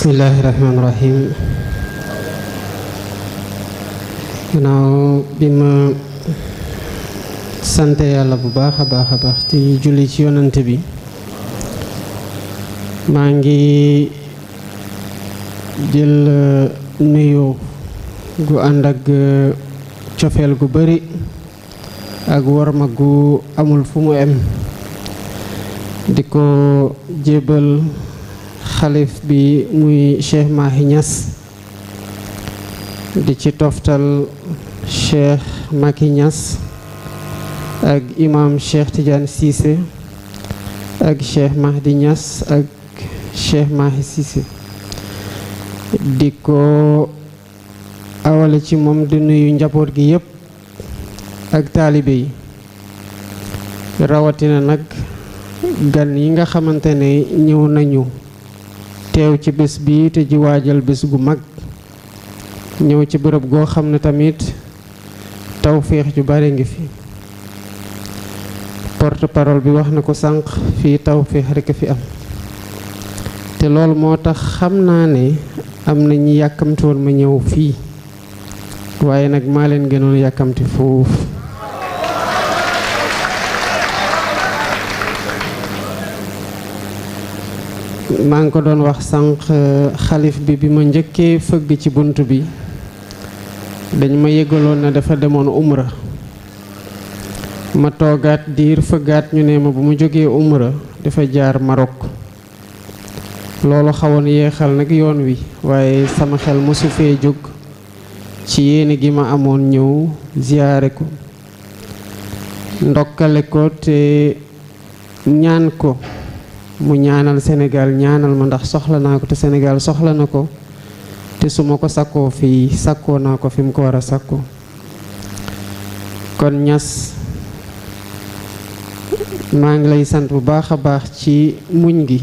bismillaahi rahmaani rahiim gannaaw bi ma sante yàlla bu baax a baax a baax ci julli ci yonent bi maa ngi jël nuyu gu ànd ak cofeel gu bari ak warma gu amul fu mu em di ko jébal xalif bi muy Cheikh Mahi Niass di ci toftal Cheikh Macky Niass ak imam Cheikh Tidiane Cissé ak Cheikh Mahdi Niass ak Cheikh Mahi Cissé di ko awale ci moom di nuyu njaboot gi yëpp ak taalibe yi rawatina nag gan yi nga xamante ne ñëw nañu teew ci bés bi te ji waajal bés gu mag ñëw ci bërëb goo xam ne tamit tawféex ju bari ngi fi porte parole bi wax na ko sànq fii tawféex rekk fi am te loolu moo tax xam naa ne am na ñi yàkkamti ma ñëw fii waaye nag maa leen gënoon yàkkamti foofu maa ngi ko doon wax sànq euh, xalif bi bi ma njëkkee fëgg ci bunt bi dañ ma yëgaloon na dafa demoon umra ma toogaat diir fëggaat ñu ne ma bu mu jógee umra dafa jaar marok loolu xawoon yeexal nag yoon wi waaye sama xel mosu fee jóg ci yéene gi ma amoon ñëw ziyaare ko ndokkale ko te ñaan ko mu ñaanal Sénégal ñaanal ma ndax soxla naa ko te Sénégal soxla na ko te su ma ko sakkoo fii sakkoo naa ko fi mu ko war a sakkoo kon ñas maa ngi lay sant bu baax a baax ci muñ gi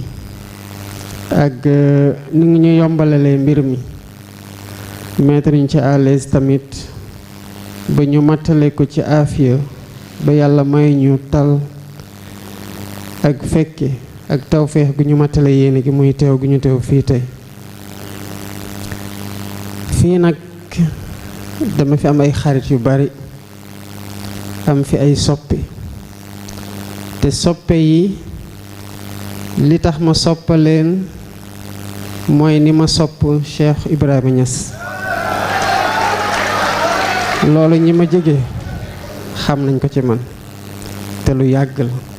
ak euh, ni ngi ñu yombalalee mbir mi mettre ñu ci à tamit ba ñu mattale ko ci aafiya ba yàlla may ñu tal ak fekke ak tawféex gu ñu matale yéene gi muy teew gu ñu teew fii tey fii nag dama fi am ay xarit yu bari am fi ay soppi te soppe yi li tax ma soppaleen mooy ni ma sopp Cheikh Ibrahima Niass loolu ñi ma jege xam nañ ko ci man te lu yàgg la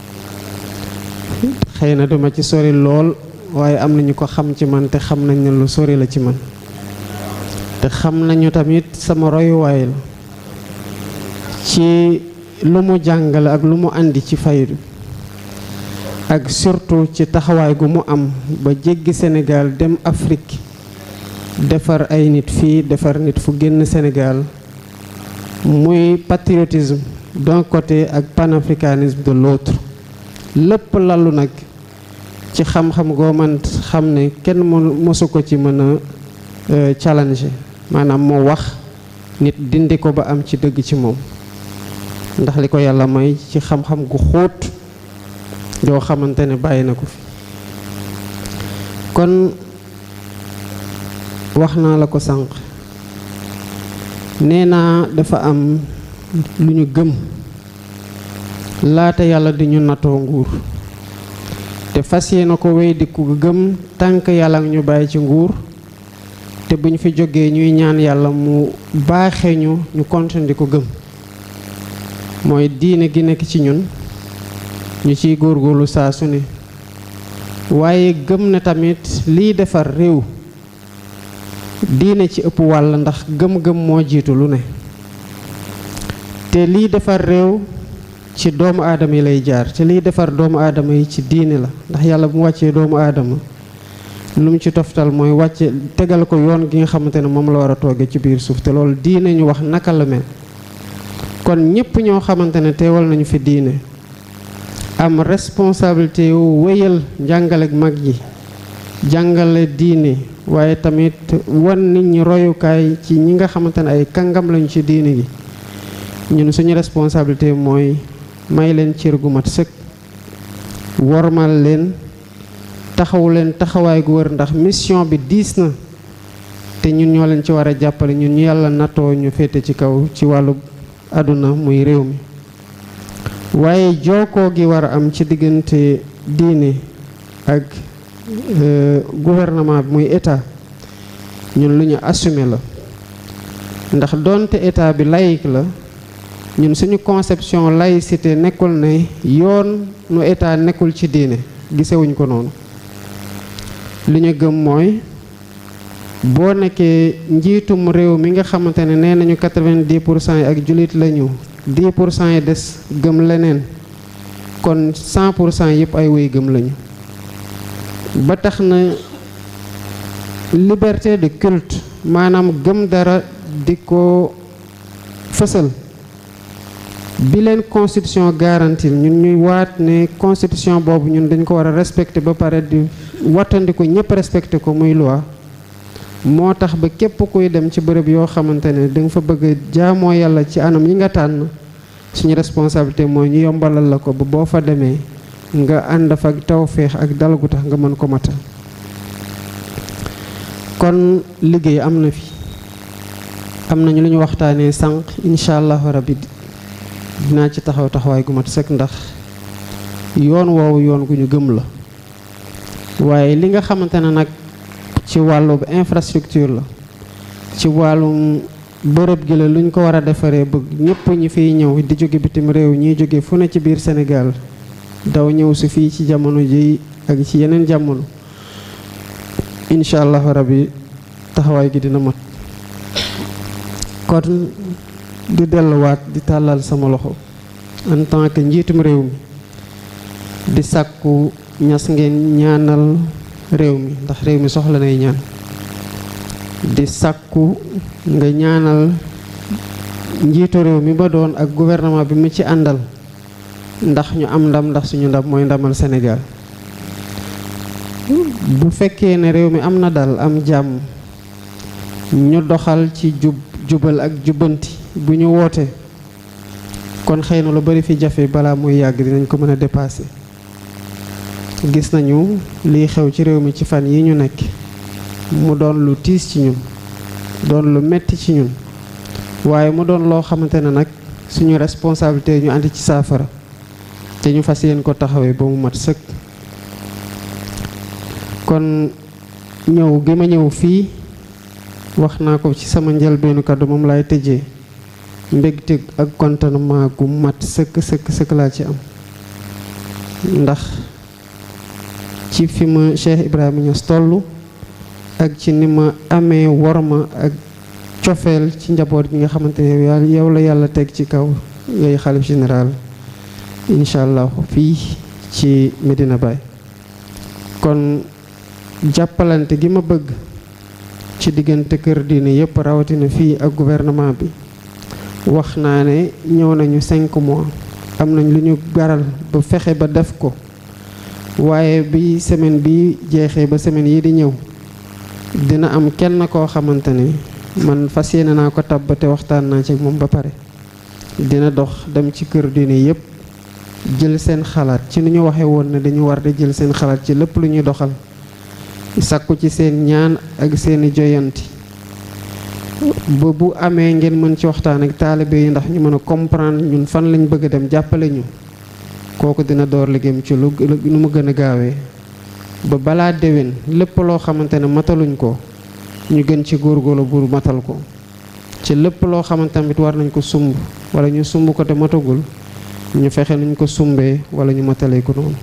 xëy na duma ci sori lool waaye am nañu ko xam ci man te xam nañ lu sori la ci man te xam nañu tamit sama royuwaay la ci lu mu jàngale ak lu mu indi ci faydu ak surtout ci taxawaay gu mu am ba jéggi senegaal dem Afrique defar ay nit fii defar nit fu génn senegaal muy patriotisme d'un côté ak panafricanisme de l'autre lépp lalu nag ci xam-xam goo man xam ne kenn mosu ko ci mën a euh, challenge maanaam moo wax nit dindi ko ba am ci dëgg ci moom ndax li ko yàlla may ci xam-xam gu xóot yoo xamante ne bàyyi na ko fi kon wax naa la ko sànq nee naa dafa am lu ñu gëm laata yàlla di ñu nattoo nguur te fas yéene ko wéy di ku gëm tànk yàlla ñu bàyyi ci nguur te bu ñu fi jógee ñuy ñaan yàlla mu baaxee ñu ñu continuer ko gëm mooy diine gi nekk ci ñun ñu ciy góorgóorlu saa su ne waaye gëm na tamit lii defar réew diine ci ëpp wàll ndax gëm-gëm moo jiitu lu ne te liy defar réew ci doomu aadama yi lay jaar ci liy defar doomu aadama yi ci diine la ndax yàlla bu mu wàccee doomu aadama lu ci toftal mooy wàcce tegal ko yoon gi nga xamante ne moom la war a tooge ci biir suuf te loolu diine ñu wax naka la mel kon ñépp ñoo xamante ne teewal nañu fi diine am responsabilité yu wéyal njàngaleek mag yi jàngale diine waaye tamit wan nit ñi royukaay ci ñi nga xamante ne ay kàngam lañu ci diine gi ñun suñu responsabilité mooy may leen cër gu mat sëkk wormal leen taxaw leen taxawaay gu wër ndax mission bi diis na te ñun ñoo leen ci war a jàppale ñun yàlla nattoo ñu féete ci kaw ci wàllu àdduna muy réew mi waaye jookoo gi war a am ci diggante diine ak euh, gouvernement bi muy état ñun lu ñu assumé la ndax donte état bi layig la ñun suñu conception laïcité nekkul ne yoon nu état nekkul ci diine gisewuñ ko noonu li ñu gëm mooy boo nekkee njiitum réew mi nga xamante ne nee nañu quatre vingt pour cent yi ak jullit lañu dix pour cent yi des gëm leneen kon cent pour cent yëpp ay woy gëm lañu ba tax na liberté de culte maanaam gëm dara di ko fësal bileen leen constitution garantir ñun ñuy waat ne constitution boobu ñun dañu ko war a respecter ba pare di wattandiku ñëpp respecter ko muy loi moo tax ba képp kuy dem ci bërëb yoo xamante ne da nga fa bëgg jaamoo yàlla ci anam yi nga tànn suñu responsabilité mooy ñu yombalal la ko ba boo fa demee nga ànd fa ak tawféex ak dalagu tax nga mën ko mata kon liggéey am na fi am nañu lu ñu waxtaanee sànq incha allahu rabbi dinaa ci taxaw taxawaay gu mat sëkk ndax yoon woowu yoon gu ñu gëm la waaye li nga xamante ne nag ci wàllu infrastructure la ci wàllu bërëb gi la luñ ko war a defaree bëgg ñëpp ñu fiy ñëw di jóge bitim réew ñuy jóge fu ne ci biir senegal daw ñëw su fii ci jamono ji ak ci yeneen jamono incha allahu rabbi taxawaay gi dina mat kon di delluwaat di tàllal sama loxo en tant que njiitum réew mi di sàkku ñas ngeen ñaanal réew mi ndax réew mi soxla nay ñaan di sàkku nga ñaanal njiitu réew mi ba doon ak gouvernement bi mu ci àndal ndax ñu am ndam ndax suñu ndam mooy ndamal senegaal bu fekkee ne réew mi am na dal am jàmm ñu doxal ci jub jubal ak jubbanti bu ñu wootee kon xëy na lu bari fi jafe balaa muy yàgg dinañ ko mën a dépasser gis nañu liy xew ci réew mi ci fan yi ñu nekk mu doon lu tiis ci ñun doon lu metti ci ñun waaye mu doon loo xamante ne nag suñu responsabilité ñu àndi ci saafara te ñu fas yéen ko taxawee ba mu mat sëkk kon ñëw gi ma ñëw fii wax naa ko ci sama njëlbeenu kàddu moom laay tëjee mbégte ak contentement gu mat sëkk sëkk sëkk laa ci am ndax ci fi ma Cheikh Ibrahima Niass toll ak ci ni ma amee worma ak cofeel ci njaboot gi nga xamante ne yow la yàlla teg ci kaw ngay xalif général incha allah fii ci Medina Baye kon jàppalante gi ma bëgg ci diggante kër diine yëpp rawatina fii ak gouvernement bi wax naa ne ñëw nañu cinq mois am nañ lu ñu garal ba fexe ba def ko waaye bi semaine bi jeexee ba semaine yi di ñëw dina am kenn koo xamante ne man fas yéene naa ko tabb te waxtaan naa ci moom ba pare dina dox dem ci kër diine yépp jël seen xalaat ci ni ñu waxee woon ne dañu war di jël seen xalaat ci lépp lu ñuy doxal sàkku ci seen ñaan ak seeni joyanti ba bu amee ngeen mën ci waxtaan ak taalibe yi ndax ñu mën a comprendre ñun fan lañu bëgg a dem jàppale ñu kooku dina door liggéeyam ci lu nu ma gën a gaawee ba balaa déwén lépp loo xamante ne mataluñ ko ñu gën ci góorgóorlu bu matal ko ci lépp loo xamante tamit war nañ ko sumb wala ñu sumb ko te matagul ñu fexe nuñ ko sumbee wala ñu matalee ko noonu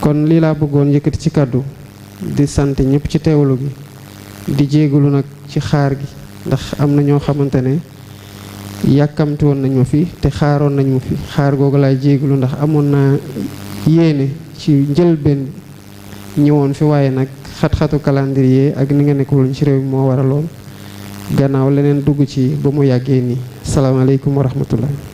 kon lii laa bëggoon yëkkati ci kàddu di sant ñëpp ci teewlu gi di jégalu nag ci xaar gi ndax am na ñoo xamante ne yàkkamti woon nañ fi te xaaroon nañu fi xaar googu laay jéeglu ndax amoon naa yéene ci njëlbeen ñëwoon fi waaye nag xat-xatu calendrier ak ni nga nekkul ci réew mi moo waraloon gannaaw leneen dugg ci ba mu yàggee nii salaamaaleykum wa rahmatullah